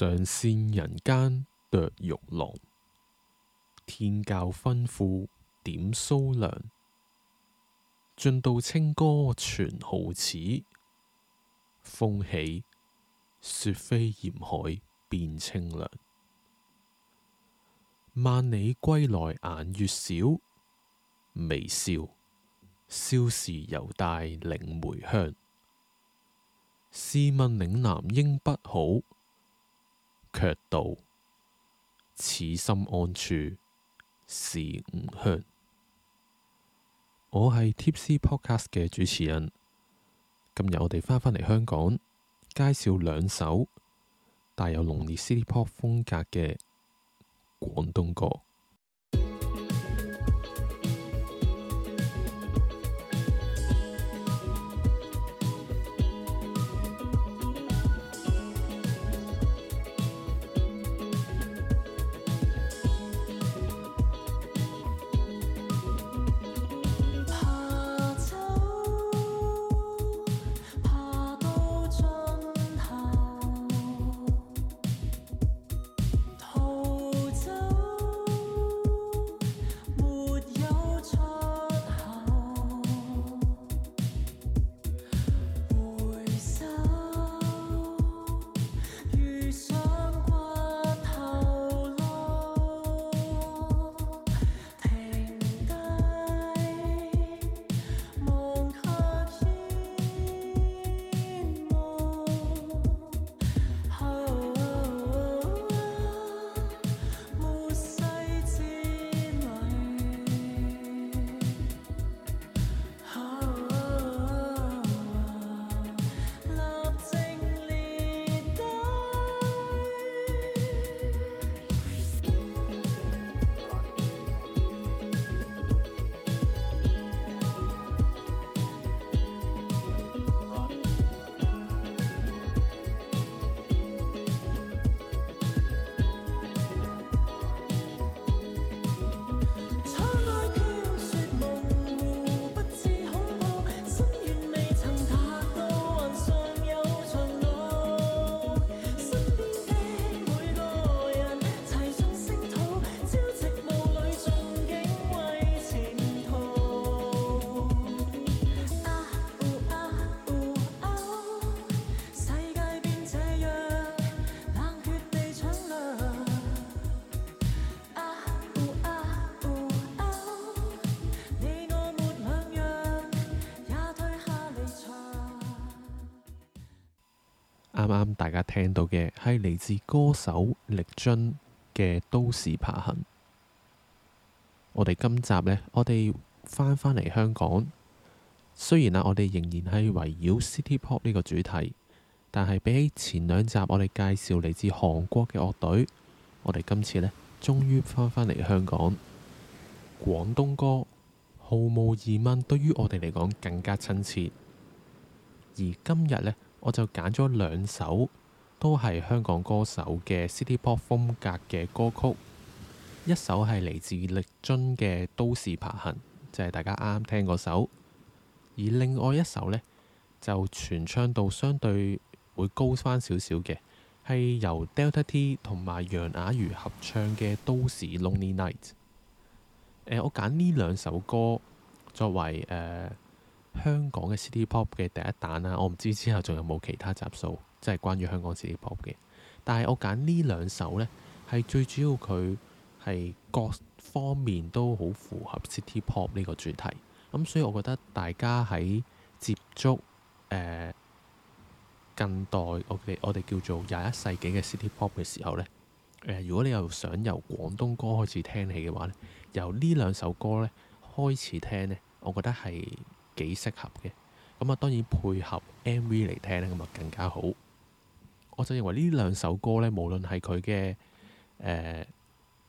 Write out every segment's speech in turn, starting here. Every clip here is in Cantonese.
上善人間奪玉郎，天教吩咐點酥娘。盡道清歌傳皓齒，風起雪飛鹽海變清涼。萬里歸來顏愈少，微笑笑時猶帶嶺梅香。試問嶺南應不好？卻道此心安處是吾鄉。我係 Tipsy Podcast 嘅主持人，今日我哋翻返嚟香港，介紹兩首帶有濃烈 City Pop 風格嘅廣東歌。啱啱大家聽到嘅係嚟自歌手力臻嘅《都市爬行》。我哋今集呢，我哋翻返嚟香港。雖然啊，我哋仍然係圍繞 City Pop 呢個主題，但係比起前兩集我哋介紹嚟自韓國嘅樂隊，我哋今次呢終於翻返嚟香港。廣東歌毫無疑問對於我哋嚟講更加親切。而今日呢。我就揀咗兩首都係香港歌手嘅 City Pop 風格嘅歌曲，一首係嚟自力臻嘅《都市爬行》，就係大家啱啱聽嗰首，而另外一首呢，就傳唱度相對會高翻少少嘅，係由 Delta T 同埋楊雅餘合唱嘅《都市 Lonely Night》。呃，我揀呢兩首歌作為誒、呃香港嘅 City Pop 嘅第一彈啦，我唔知之後仲有冇其他集數，即係關於香港 City Pop 嘅。但係我揀呢兩首呢，係最主要佢係各方面都好符合 City Pop 呢個主題。咁所以，我覺得大家喺接觸誒、呃、近代我哋我哋叫做廿一世紀嘅 City Pop 嘅時候呢，誒、呃、如果你又想由廣東歌開始聽起嘅話呢，由呢兩首歌呢開始聽呢，我覺得係。幾適合嘅，咁啊當然配合 MV 嚟聽咧，咁啊更加好。我就認為呢兩首歌咧，無論係佢嘅誒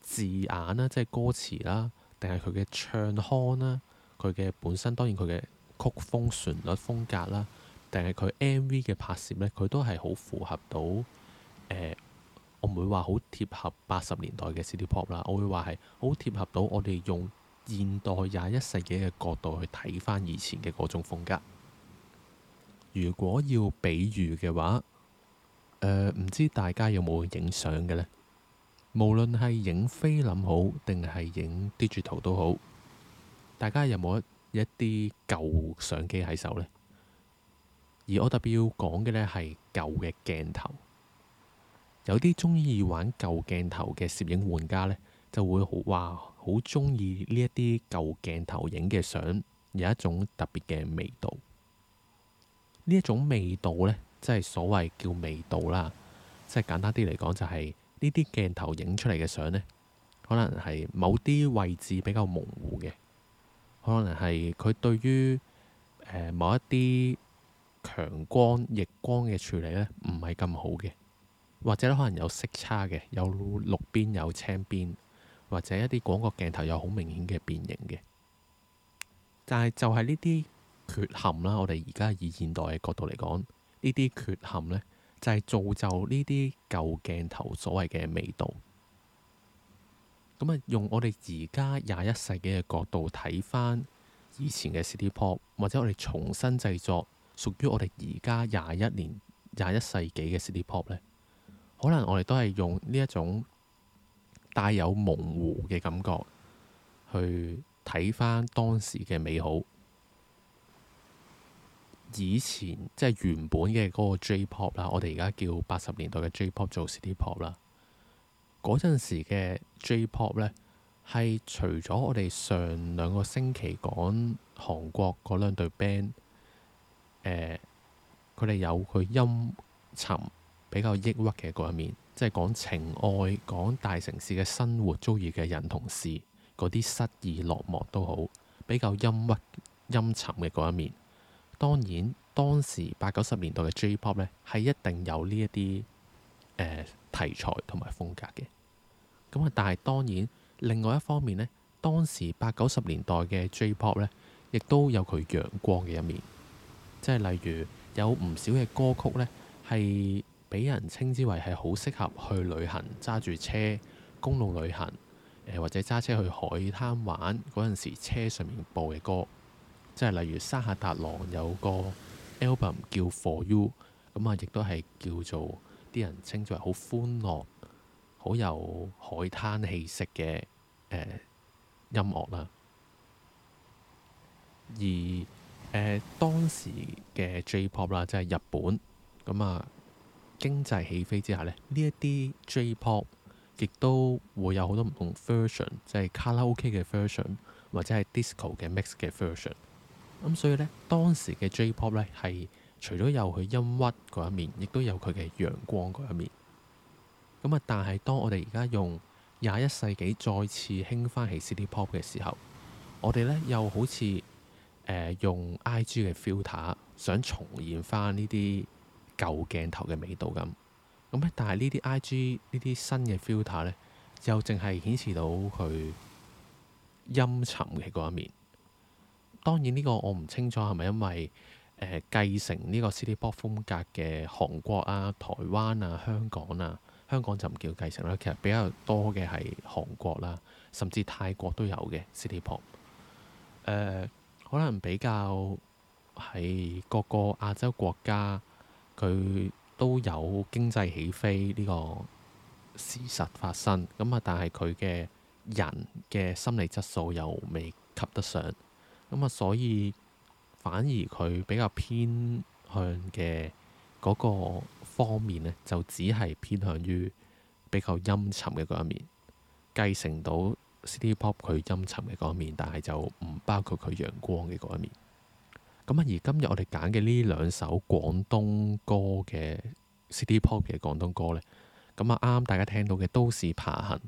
字眼啦，即係歌詞啦，定係佢嘅唱腔啦，佢嘅本身當然佢嘅曲風、旋律、風格啦，定係佢 MV 嘅拍攝咧，佢都係好符合到誒、呃，我唔會話好貼合八十年代嘅 City Pop 啦，我會話係好貼合到我哋用。現代廿一世紀嘅角度去睇翻以前嘅嗰種風格。如果要比喻嘅話，唔、呃、知大家有冇影相嘅呢？無論係影菲林好，定係影 DJU 圖都好，大家有冇一啲舊相機喺手呢？而我特別要講嘅呢係舊嘅鏡頭。有啲中意玩舊鏡頭嘅攝影玩家呢，就會好哇。好中意呢一啲舊鏡頭影嘅相，有一種特別嘅味道。呢一種味道呢，即係所謂叫味道啦。即係簡單啲嚟講，就係呢啲鏡頭影出嚟嘅相呢，可能係某啲位置比較模糊嘅，可能係佢對於、呃、某一啲強光、逆光嘅處理呢，唔係咁好嘅，或者可能有色差嘅，有綠邊、有青邊。或者一啲廣角鏡頭有好明顯嘅變形嘅，但係就係呢啲缺陷啦。我哋而家以現代嘅角度嚟講，呢啲缺陷呢就係造就呢啲舊鏡頭所謂嘅味道。咁啊，用我哋而家廿一世紀嘅角度睇翻以前嘅 City Pop，或者我哋重新製作屬於我哋而家廿一年、廿一世紀嘅 City Pop 呢，可能我哋都係用呢一種。帶有模糊嘅感覺去睇翻當時嘅美好。以前即係原本嘅嗰個 J-pop 啦，pop, 我哋而家叫八十年代嘅 J-pop 做 City Pop 啦。嗰陣時嘅 J-pop 咧，係除咗我哋上兩個星期講韓國嗰兩隊 band，呃，佢哋有佢陰沉、比較抑鬱嘅嗰一面。即係講情愛，講大城市嘅生活，遭遇嘅人同事嗰啲失意落寞都好，比較陰鬱、陰沉嘅嗰一面。當然，當時八九十年代嘅 J-pop 呢，係一定有呢一啲誒題材同埋風格嘅。咁啊，但係當然另外一方面呢，當時八九十年代嘅 J-pop 呢，亦都有佢陽光嘅一面，即係例如有唔少嘅歌曲呢，係，俾人稱之為係好適合去旅行，揸住車公路旅行，誒、呃、或者揸車去海灘玩嗰陣時，車上面播嘅歌，即係例如山下達郎有個 album 叫 For You，咁啊，亦都係叫做啲人稱之為好歡樂、好有海灘氣息嘅誒、呃、音樂啦。而誒、呃、當時嘅 J-pop 啦，pop，即係日本咁啊。經濟起飛之下呢，呢一啲 J-pop 亦都會有好多唔同 version，即係卡拉 OK 嘅 version，或者係 disco 嘅 mix 嘅 version。咁、嗯、所以呢，當時嘅 J-pop 呢，係除咗有佢陰鬱嗰一面，亦都有佢嘅陽光嗰一面。咁、嗯、啊，但係當我哋而家用廿一世紀再次興翻起 city pop 嘅時候，我哋呢又好似誒、呃、用 IG 嘅 filter 想重現翻呢啲。舊鏡頭嘅味道咁咁咧，但係呢啲 I.G. 呢啲新嘅 filter 咧，又淨係顯示到佢陰沉嘅嗰一面。當然呢個我唔清楚係咪因為誒、呃、繼承呢個 City Pop 風格嘅韓國啊、台灣啊、香港啊。香港、啊、香港就唔叫繼承啦，其實比較多嘅係韓國啦、啊，甚至泰國都有嘅 City Pop。誒、呃，可能比較係各個亞洲國家。佢都有經濟起飛呢個事實發生，咁啊，但係佢嘅人嘅心理質素又未及得上，咁、嗯、啊，所以反而佢比較偏向嘅嗰個方面呢，就只係偏向於比較陰沉嘅嗰一面，繼承到 City Pop 佢陰沉嘅嗰一面，但係就唔包括佢陽光嘅嗰一面。咁而今日我哋揀嘅呢兩首廣東歌嘅 City Pop 嘅廣東歌呢，咁啊啱大家聽到嘅都市爬行，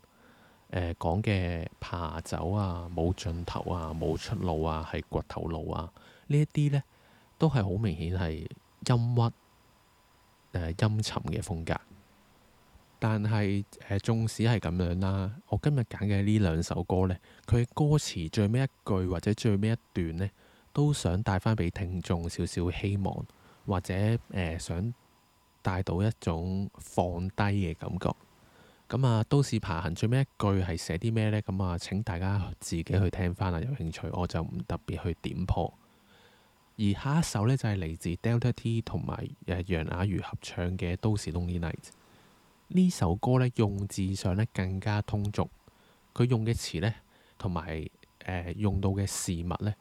誒講嘅爬走啊，冇盡頭啊，冇出路啊，係掘頭路啊，呢一啲呢都係好明顯係陰鬱、誒、呃、陰沉嘅風格。但係誒，縱、呃、使係咁樣啦，我今日揀嘅呢兩首歌呢，佢嘅歌詞最尾一句或者最尾一段呢。都想帶翻俾聽眾少少希望，或者誒、呃、想帶到一種放低嘅感覺。咁、嗯、啊，都市爬行最尾一句係寫啲咩呢？咁、嗯、啊，請大家自己去聽翻啦。有興趣我就唔特別去點破。而下一首呢，就係、是、嚟自 Delta T 同埋誒楊雅餘合唱嘅《都市 Lonely Night》呢首歌呢，用字上呢更加通俗，佢用嘅詞呢，同埋誒用到嘅事物呢。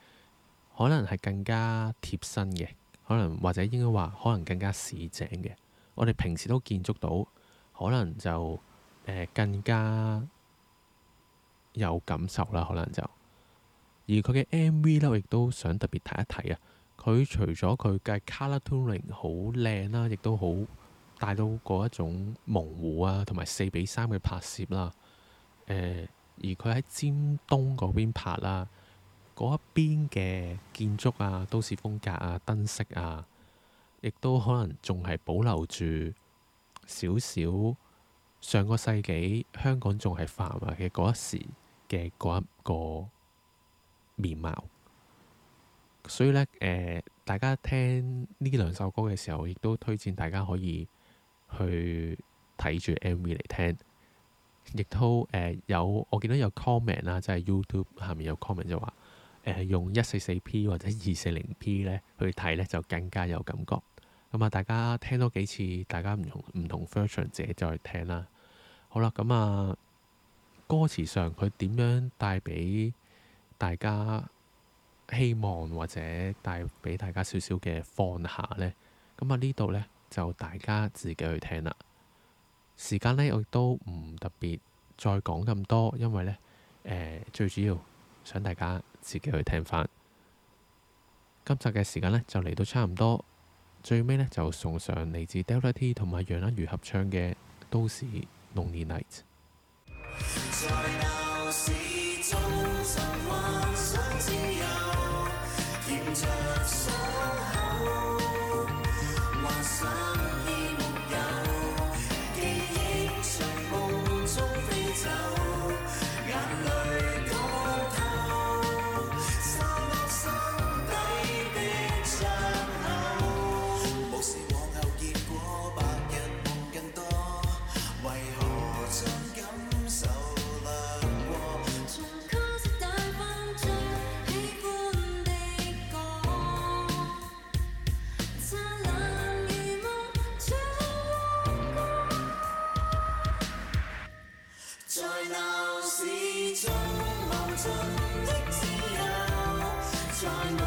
可能係更加貼身嘅，可能或者應該話可能更加市井嘅。我哋平時都見足到，可能就誒、呃、更加有感受啦。可能就而佢嘅 MV 咧，我亦都想特別睇一睇啊。佢除咗佢嘅 color tuning 好靚啦，亦都好帶到嗰一種模糊啊，同埋四比三嘅拍攝啦。誒、呃，而佢喺尖東嗰邊拍啦。嗰一邊嘅建築啊、都市風格啊、燈飾啊，亦都可能仲係保留住少少上個世紀香港仲係繁華嘅嗰時嘅嗰一個面貌。所以呢，誒、呃，大家聽呢兩首歌嘅時候，亦都推薦大家可以去睇住 MV 嚟聽，亦都誒、呃、有我見到有 comment 啦，即係 YouTube 下面有 comment 就話。誒、呃、用一四四 P 或者二四零 P 咧去睇咧，就更加有感覺。咁啊，大家聽多幾次，大家唔同唔同 version 自己再聽啦。好啦，咁啊歌詞上佢點樣帶俾大家希望，或者帶俾大家少少嘅放下咧？咁啊呢度咧就大家自己去聽啦。時間咧，我亦都唔特別再講咁多，因為咧誒、呃、最主要想大家。自己去聽翻。今集嘅時間呢，就嚟到差唔多，最尾呢，就送上嚟自 Delta T 同埋楊雅餘合唱嘅《都市 Lonely n 始終無盡的自由。